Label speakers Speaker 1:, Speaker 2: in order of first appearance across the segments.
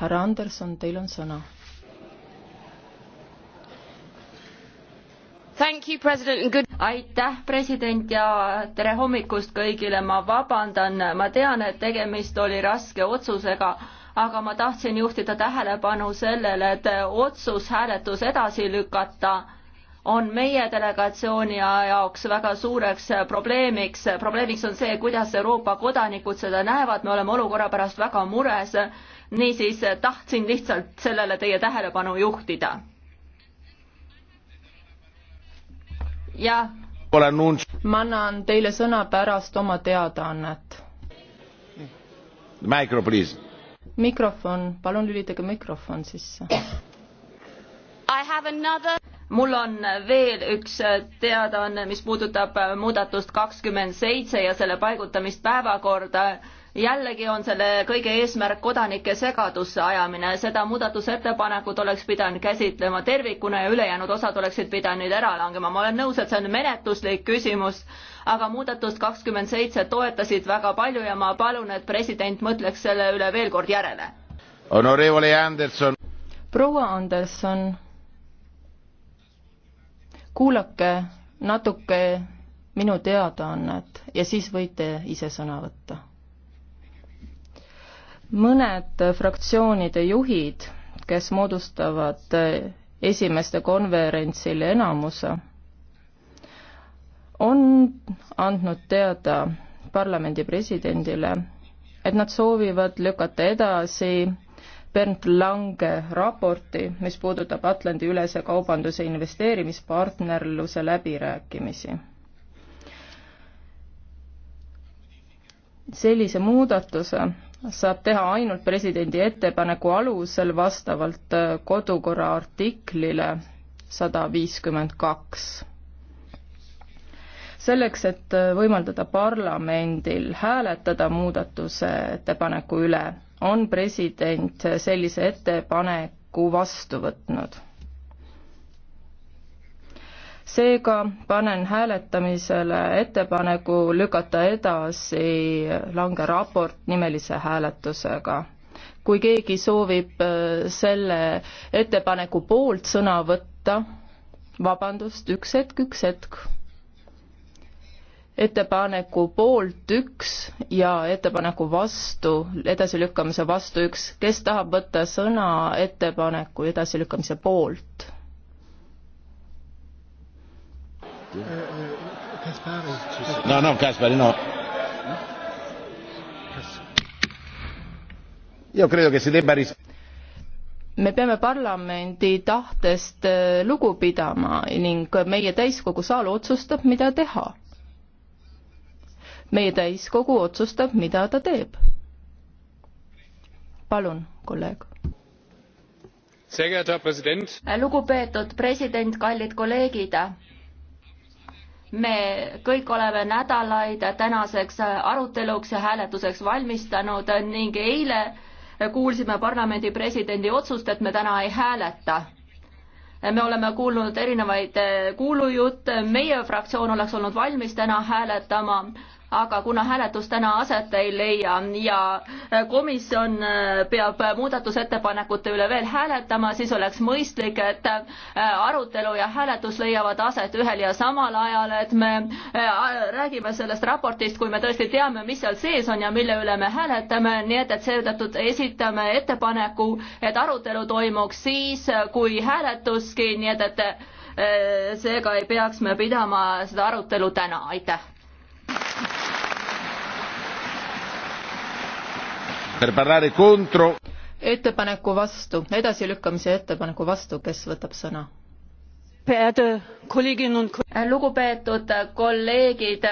Speaker 1: härra Anderson, teil on sõna.
Speaker 2: aitäh, president ja tere hommikust kõigile, ma vabandan, ma tean, et tegemist oli raske otsusega, aga ma tahtsin juhtida tähelepanu sellele, et otsus hääletus edasi lükata on meie delegatsiooni jaoks väga suureks probleemiks. probleemiks on see, kuidas Euroopa kodanikud seda näevad, me oleme olukorra pärast väga mures niisiis tahtsin lihtsalt sellele teie tähelepanu juhtida. jah.
Speaker 1: ma annan teile sõna pärast oma teadaannet.
Speaker 3: Micro, please.
Speaker 1: mikrofon, palun lülitage mikrofon sisse.
Speaker 2: I have another mul on veel üks teadaanne, mis puudutab muudatust kakskümmend seitse ja selle paigutamist päevakorda jällegi on selle kõige eesmärk kodanike segadusse ajamine, seda muudatusettepanekut oleks pidanud käsitlema tervikuna ja ülejäänud osad oleksid pidanud ära langema, ma olen nõus, et see on menetluslik küsimus, aga muudatust kakskümmend seitse toetasid väga palju ja ma palun, et president mõtleks selle üle veel kord järele.
Speaker 3: Honorevole Anderson.
Speaker 1: proua Anderson, kuulake natuke minu teadaannet ja siis võite ise sõna võtta mõned fraktsioonide juhid, kes moodustavad eh, esimeste konverentsil enamuse, on andnud teada parlamendi presidendile, et nad soovivad lükata edasi Bernd Lange raporti, mis puudutab Atlandi-ülese kaubanduse investeerimispartnerluse läbirääkimisi. sellise muudatuse saab teha ainult presidendi ettepaneku alusel vastavalt äh, kodukorra artiklile sada viiskümmend kaks. selleks, et äh, võimaldada parlamendil hääletada muudatuse ettepaneku üle, on president äh, sellise ettepaneku vastu võtnud seega panen hääletamisele ettepaneku lükata edasi langeraport nimelise hääletusega. kui keegi soovib äh, selle ettepaneku poolt sõna võtta, vabandust, üks hetk, üks hetk. ettepaneku poolt üks ja ettepaneku vastu, edasilükkamise vastu üks, kes tahab võtta sõna ettepaneku edasilükkamise poolt? Kaspari. Eh,
Speaker 3: eh, no, no, Kaspari no. Io credo che si debba
Speaker 1: me peame parlamendi tahtest eh, lugu pidama ning meie täiskogu saal otsustab, mida teha. meie täiskogu otsustab, mida ta teeb. palun,
Speaker 2: kolleeg. lugupeetud president, kallid kolleegid me kõik oleme nädalaid tänaseks aruteluks ja hääletuseks valmistanud ning eile kuulsime parlamendi presidendi otsust, et me täna ei hääleta. me oleme kuulnud erinevaid kuulujutte, meie fraktsioon oleks olnud valmis täna hääletama, aga kuna hääletus täna aset ei leia ja komisjon äh, peab muudatusettepanekute üle veel hääletama, siis oleks mõistlik, et äh, arutelu ja hääletus leiavad aset ühel ja samal ajal, et me äh, räägime sellest raportist, kui me tõesti teame, mis seal sees on ja mille üle me hääletame, nii et, et seetõttu esitame ettepaneku, et arutelu toimuks siis, kui hääletuski, nii et, et seega ei peaks me pidama seda arutelu täna, aitäh
Speaker 1: ettepaneku vastu, edasilükkamise ettepaneku vastu, kes võtab sõna?
Speaker 2: lugupeetud kolleegid,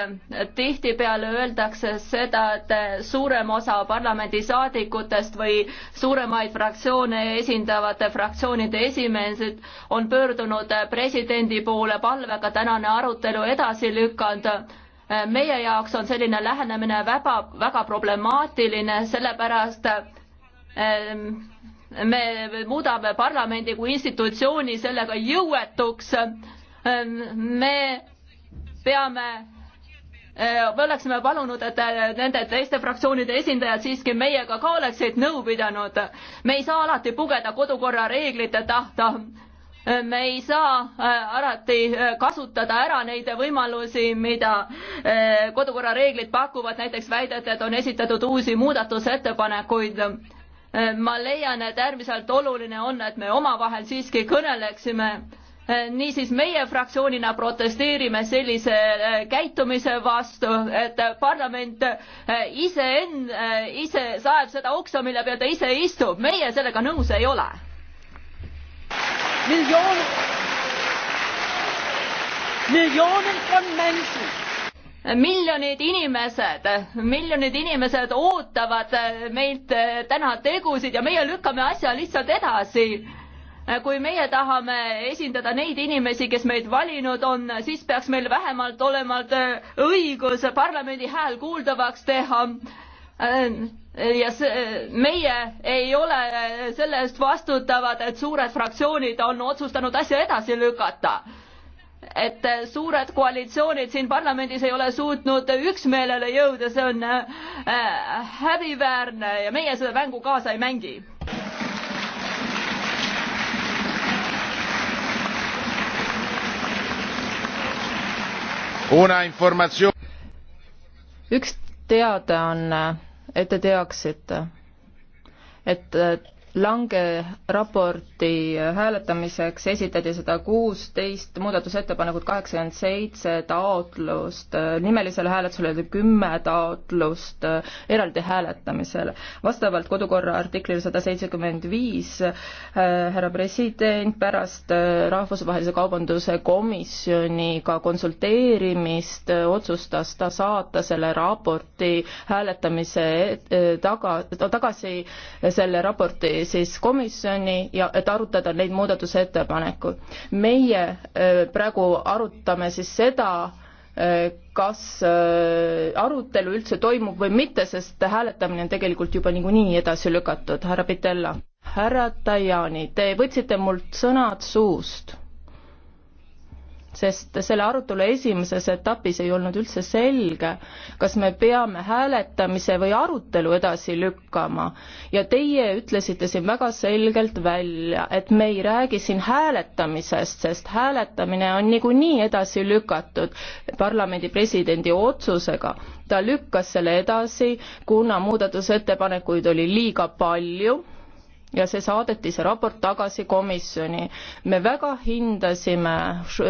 Speaker 2: tihtipeale öeldakse seda, et suurem osa parlamendisaadikutest või suuremaid fraktsioone esindavate fraktsioonide esimeesed on pöördunud presidendi poole palvega tänane arutelu edasi lükata meie jaoks on selline lähenemine väga, väga problemaatiline, sellepärast ähm, me muudame parlamendi kui institutsiooni sellega jõuetuks. Ähm, me peame äh, me oleksime palunud, et äh, nende teiste fraktsioonide esindajad siiski meiega ka oleksid nõu pidanud. me ei saa alati pugeda kodukorra reeglite tahta me ei saa äh, alati äh, kasutada ära neid võimalusi, mida äh, kodukorra reeglid pakuvad, näiteks väidete, et on esitatud uusi muudatusettepanekuid ma leian, et äärmiselt oluline on, et me omavahel siiski kõneleksime. niisiis meie fraktsioonina protesteerime sellise käitumise vastu, et parlament ise, ise saeb seda oksa, mille peal ta ise istub, meie sellega nõus ei ole Millionen, Millionen von Menschen miljonid inimesed, miljonid inimesed ootavad eh, meilt eh, täna tegusid ja meie lükkame asja lihtsalt edasi. Eh, kui meie tahame esindada neid inimesi, kes meid valinud on, siis peaks meil vähemalt olema õigus parlamendi hääl kuuldavaks teha Äh, ja see, äh, meie ei ole äh, selle eest vastutavad, et suured fraktsioonid on otsustanud asja edasi lükata. et suured koalitsioonid siin parlamendis ei ole suutnud üksmeelele jõuda, see on häbiväärne ja meie seda mängu kaasa ei mängi.
Speaker 1: üks teadaanne on et te teaksite, et lange raporti hääletamiseks esitati sada kuusteist muudatusettepanekut, kaheksakümmend seitse taotlust, nimelisele hääletusele oli kümme taotlust äh, eraldi hääletamisel. vastavalt kodukorra artiklile sada seitsekümmend viis äh, härra president pärast äh, Rahvusvahelise Kaubanduse Komisjoniga konsulteerimist otsustas ta saata selle raporti hääletamise taga, tagasi selle raporti siis komisjoni ja et arutada neid muudatusettepanekuid. meie äh, praegu arutame siis seda, äh, kas äh, arutelu üldse toimub või mitte, sest hääletamine on tegelikult juba niikuinii edasi lükatud, härra Pitella. härra Tajani, te võtsite mult sõnad suust sest selle arutelu esimeses etapis ei olnud üldse selge, kas me peame hääletamise või arutelu edasi lükkama. ja teie ütlesite siin väga selgelt välja, et me ei räägi siin hääletamisest, sest hääletamine on niikuinii edasi lükatud parlamendi presidendi otsusega. ta lükkas selle edasi, kuna muudatusettepanekuid oli liiga palju ja see saadeti, see raport tagasi komisjoni. me väga hindasime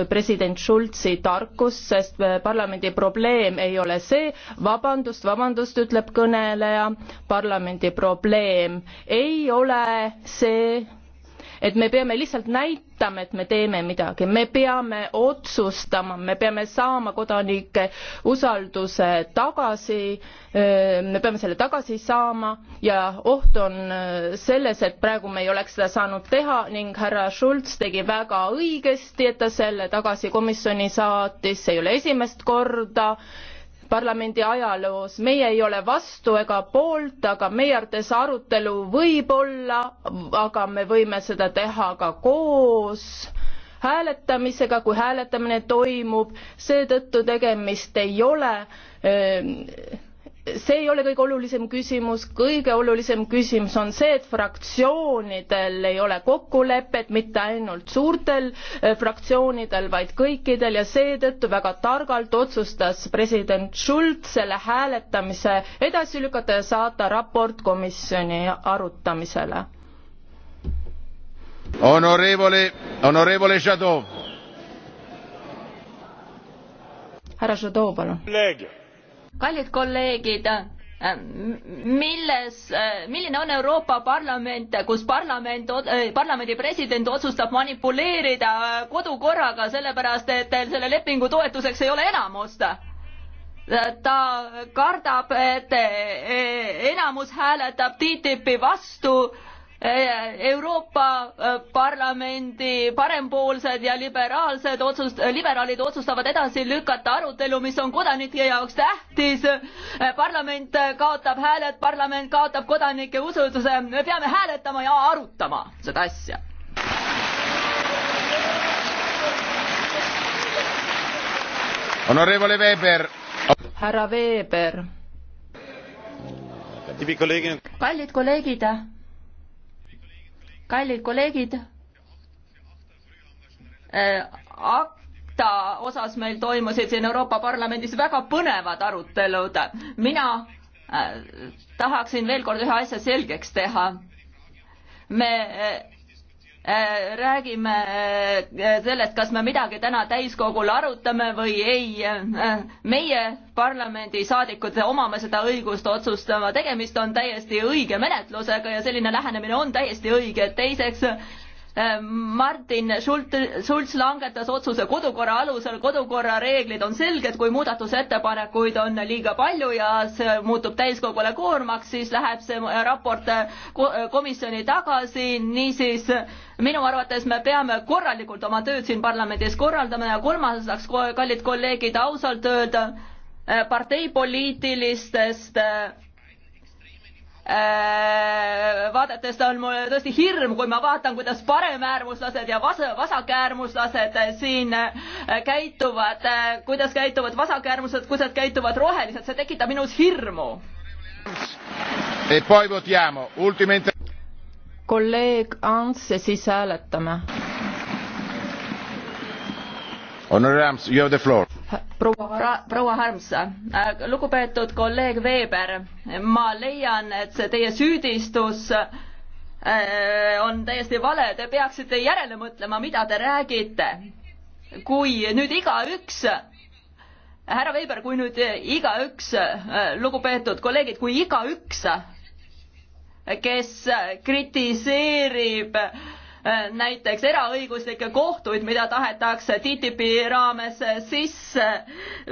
Speaker 1: president Schulzi tarkust, sest äh, parlamendi probleem ei ole see, vabandust, vabandust, ütleb kõneleja, parlamendi probleem ei ole see, et me peame lihtsalt näitama, et me teeme midagi, me peame otsustama, me peame saama kodanike usalduse tagasi, me peame selle tagasi saama ja oht on äh, selles, et praegu me ei oleks seda saanud teha ning härra Schulz tegi väga õigesti, et ta selle tagasi komisjoni saatis, see ei ole esimest korda parlamendi ajaloos. meie ei ole vastu ega poolt, aga meie arvates arutelu võib olla, aga me võime seda teha ka koos hääletamisega, kui hääletamine toimub, seetõttu tegemist ei ole öö, eh, see ei ole kõige olulisem küsimus, kõige olulisem küsimus on see, et fraktsioonidel ei ole kokkulepet, mitte ainult suurtel eh, fraktsioonidel, vaid kõikidel ja seetõttu väga targalt otsustas president Schulz selle hääletamise edasi lükata ja saata raport komisjoni arutamisele.
Speaker 3: Honorevole, honorevole Jadot. härra Jadot, palun
Speaker 2: kallid kolleegid, äh, milles, äh, milline on Euroopa Parlament, kus parlament, äh, parlamendi president otsustab manipuleerida kodukorraga, sellepärast et selle lepingu toetuseks ei ole enamust? ta kardab, et enamus hääletab TTIP-i vastu Eh, Euroopa eh, Parlamendi parempoolsed ja liberaalsed otsust, liberaalid otsustavad edasi lükata arutelu, mis on kodanike jaoks tähtis. Eh, parlament kaotab hääled, parlament kaotab kodanike usutuse, me peame hääletama ja arutama seda asja.
Speaker 3: Honorevole Weber.
Speaker 1: härra Weber.
Speaker 2: kallid kolleegid kallid kolleegid, äh, akta osas meil toimusid siin Euroopa Parlamendis väga põnevad arutelud. mina äh, tahaksin veel kord ühe asja selgeks teha. me äh, Äh, räägime äh, sellest, kas me midagi täna täiskogul arutame või ei. Äh, meie parlamendisaadikud omame seda õigust otsustama, tegemist on täiesti õige menetlusega ja selline lähenemine on täiesti õige. teiseks Äh, Martin Schulz langetas otsuse kodukorra alusel, kodukorra reeglid on selged, kui muudatusettepanekuid on liiga palju ja see muutub täiskogule koormaks, siis läheb see raport äh, äh, komisjoni tagasi, niisiis minu arvates me peame korralikult oma tööd siin parlamendis korraldama ja kolmandaks, kallid kolleegid, ausalt öelda parteipoliitilistest vaadates on mul tõesti hirm, kui ma vaatan, kuidas paremäärmuslased ja vas-, vasakäärmuslased siin äh, käituvad, äh, kuidas käituvad vasakäärmuslased, kuidas käituvad rohelised, see tekitab minus hirmu. E
Speaker 1: kolleeg Ants ja siis hääletame
Speaker 2: proua proua Harms, äh, lugupeetud kolleeg Weber, ma leian, et see teie süüdistus äh, on täiesti vale, te peaksite järele mõtlema, mida te räägite. kui nüüd igaüks härra Veiber, kui nüüd igaüks, äh, lugupeetud kolleegid, kui igaüks, kes kritiseerib äh, Äh, näiteks eraõiguslikke kohtuid, mida tahetakse TTIP-i raames äh, sisse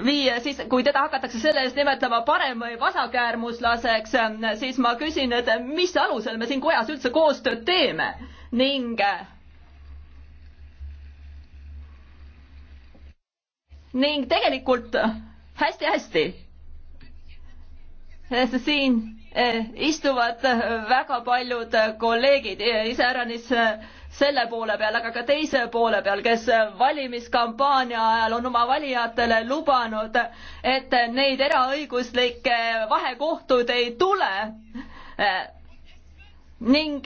Speaker 2: viia, siis kui teda hakatakse selle eest nimetama parem- või vasakäärmuslaseks, äh, siis ma küsin, et mis alusel me siin kojas üldse koostööd teeme ning ning tegelikult hästi-hästi siin istuvad väga paljud kolleegid, iseäranis selle poole peal, aga ka teise poole peal, kes valimiskampaania ajal on oma valijatele lubanud, et neid eraõiguslikke vahekohtud ei tule. ning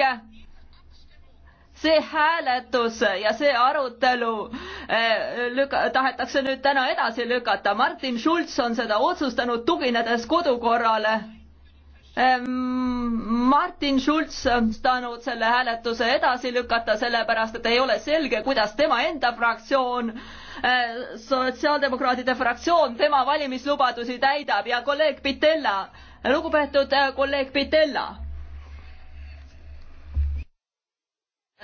Speaker 2: see hääletus ja see arutelu eh, lüka-, tahetakse nüüd täna edasi lükata. Martin Schulz on seda otsustanud, tuginedes kodukorrale Ehm, Martin Schulz on saanud selle hääletuse edasi lükata, sellepärast et ei ole selge, kuidas tema enda fraktsioon, eh, sotsiaaldemokraatide fraktsioon, tema valimislubadusi täidab ja kolleeg Pitella, lugupeetud eh, kolleeg Pitella.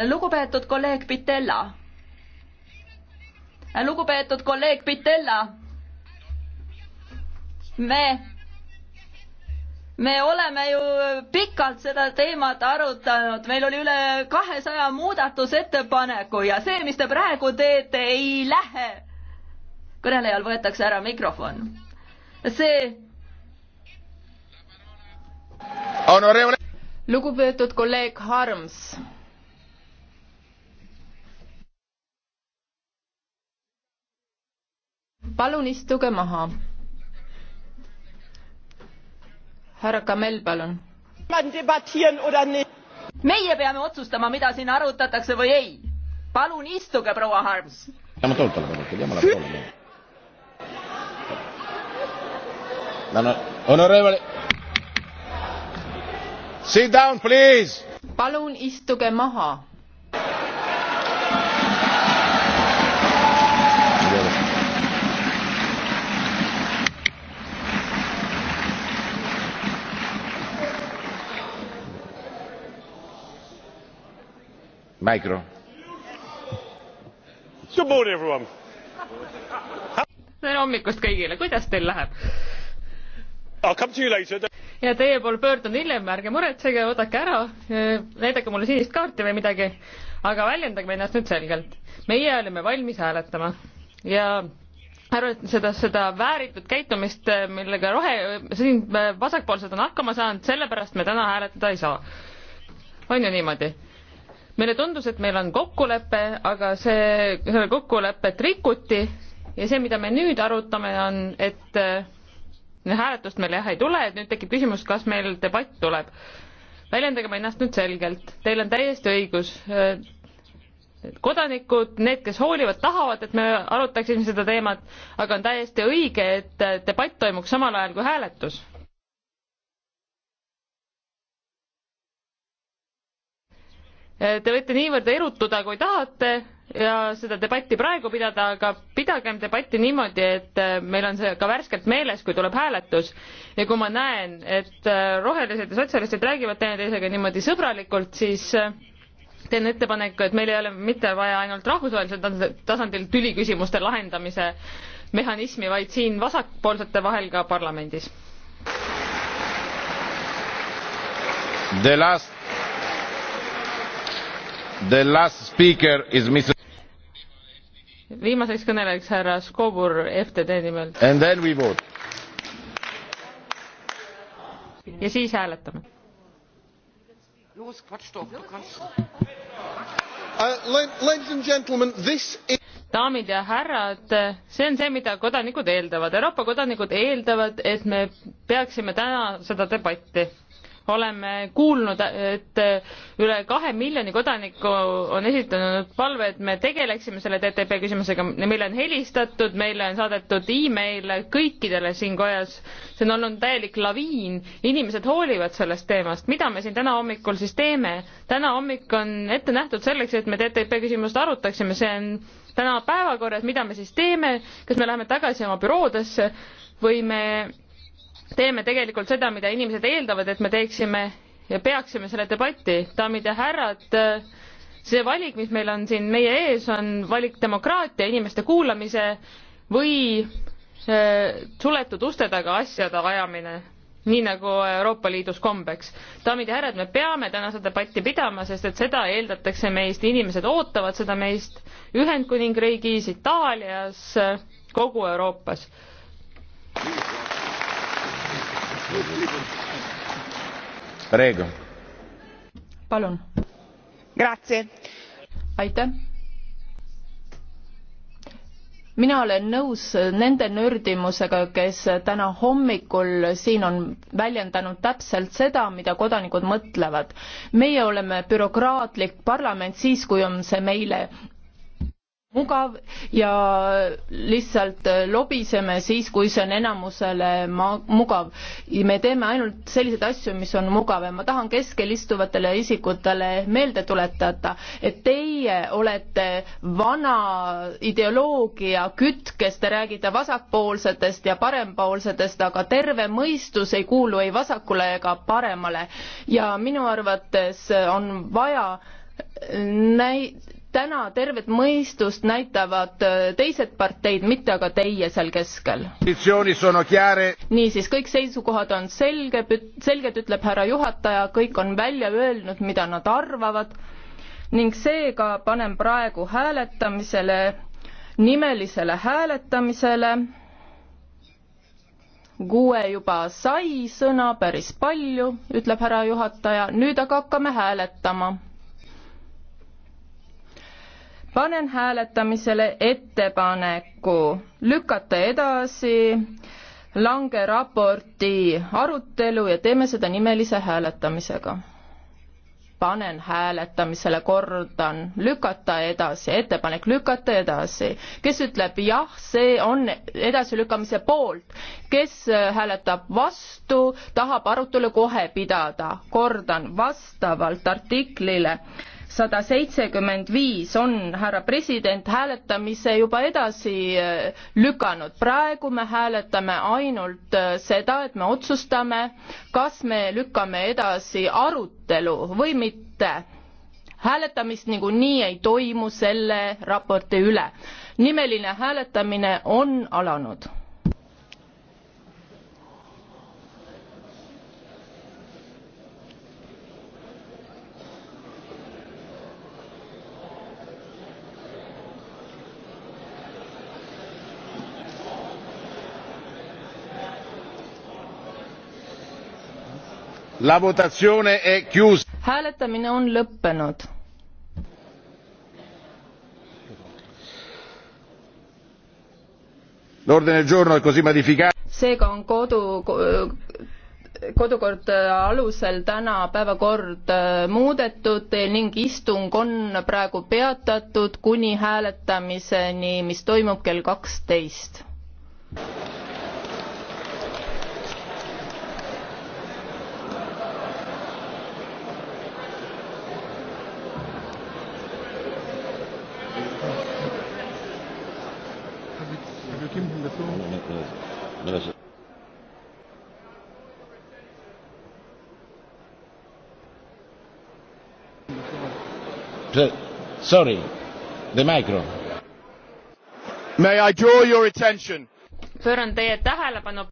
Speaker 2: lugupeetud kolleeg Pitella. lugupeetud kolleeg Pitella. me me oleme ju pikalt seda teemat arutanud, meil oli üle kahesaja muudatusettepaneku ja see, mis te praegu teete, ei lähe. kõnelejal võetakse ära mikrofon. see. lugupeetud kolleeg Harms
Speaker 1: palun istuge maha härra Kamel, palun.
Speaker 2: meie peame otsustama, mida siin arutatakse või ei. palun istuge, proua Harms.
Speaker 1: palun istuge maha
Speaker 2: Micro. Good morning, everyone.
Speaker 3: tere hommikust kõigile, kuidas teil läheb? ja teie poole pöördun hiljem, ärge muretsege, oodake ära, näidake mulle sinist kaarti või midagi, aga väljendage ennast nüüd selgelt. meie olime valmis hääletama ja arvan, et seda, seda vääritud käitumist, millega rohe, siin vasakpoolsed on hakkama saanud, sellepärast me täna hääletada ei saa. on ju niimoodi? meile tundus, et meil on kokkulepe, aga see, selle kokkulepet rikuti ja see, mida me nüüd arutame, on, et äh, hääletust meil jah ei tule, et nüüd tekib küsimus, kas meil debatt tuleb. väljendagem ennast nüüd selgelt, teil on täiesti õigus. Äh, kodanikud, need, kes hoolivad, tahavad, et me arutaksime seda teemat, aga on täiesti õige, et äh, debatt toimuks samal ajal kui hääletus Te võite niivõrd erutuda, kui tahate ja seda debatti praegu pidada, aga pidagem debatti niimoodi, et äh, meil on see ka värskelt meeles, kui tuleb hääletus. ja kui ma näen, et äh, rohelised ja sotsialistid räägivad teineteisega niimoodi sõbralikult, siis äh, teen ettepaneku, et meil ei ole mitte vaja ainult rahvusvahelisel tasandil tüliküsimuste lahendamise mehhanismi, vaid siin vasakpoolsete vahel ka parlamendis. The last viimaseks kõnelejaks härra Skobur FTD nimel. ja siis hääletame. Uh, daamid ja härrad, see on see, mida kodanikud eeldavad. Euroopa kodanikud eeldavad, et me peaksime täna seda debatti oleme kuulnud, et üle kahe miljoni kodaniku on esitanud palve, et me tegeleksime selle TTP küsimusega. meile on helistatud, meile on saadetud emaile kõikidele siin kojas. see on olnud täielik laviin. inimesed hoolivad sellest teemast. mida me siin täna hommikul siis teeme? täna hommik on ette nähtud selleks, et me TTP küsimust arutaksime. see on täna päevakorras, mida me siis teeme, kas me läheme tagasi oma büroodesse või me teeme tegelikult seda, mida inimesed eeldavad, et me teeksime ja peaksime selle debatti. daamid ja härrad, see valik, mis meil on siin meie ees, on valik demokraatia, inimeste kuulamise või eh, suletud uste taga asjade ajamine, nii nagu Euroopa Liidus kombeks. daamid ja härrad, me peame täna seda debatti pidama, sest et seda eeldatakse meist, inimesed ootavad seda meist Ühendkuningriigis, Itaalias, kogu Euroopas palun!
Speaker 1: aitäh! mina olen nõus nende nördimusega kes täna hommikul siin on väljendanud täpselt seda mida kodanikud mõtlevad meie oleme bürokraatlik parlament siis kui on see meile mugav ja lihtsalt lobiseme siis, kui see on enamusele ma-, mugav. me teeme ainult selliseid asju, mis on mugav ja ma tahan keskel istuvatele isikutele meelde tuletada, et teie olete vana ideoloogia kütkes, te räägite vasakpoolsetest ja parempoolsetest, aga terve mõistus ei kuulu ei vasakule ega paremale. ja minu arvates on vaja näi-, täna tervet mõistust näitavad äh, teised parteid, mitte aga teie seal keskel. niisiis, kõik seisukohad on selge, selged, ütleb härra juhataja, kõik on välja öelnud, mida nad arvavad ning seega panen praegu hääletamisele, nimelisele hääletamisele. Kuue juba sai sõna päris palju, ütleb härra juhataja, nüüd aga hakkame hääletama panen hääletamisele ettepaneku lükata edasi lange raporti arutelu ja teeme seda nimelise hääletamisega. panen hääletamisele, kordan, lükata edasi, ettepanek lükata edasi. kes ütleb jah, see on edasilükkamise poolt, kes äh, hääletab vastu, tahab arutelu kohe pidada. kordan, vastavalt artiklile sada seitsekümmend viis on härra president hääletamise juba edasi eh, lükanud. praegu me hääletame ainult eh, seda, et me otsustame, kas me lükkame edasi arutelu või mitte hääletamist niikuinii ei toimu selle raporti üle. nimeline hääletamine on alanud. hääletamine on lõppenud. seega on kodu kodukorda äh, alusel täna päevakord äh, muudetud ning istung on praegu peatatud kuni hääletamiseni mis toimub kell kaksteist.
Speaker 3: Gracias.
Speaker 2: Sorry, the micro. May
Speaker 1: I draw your attention?
Speaker 3: pööran teie tähelepanu.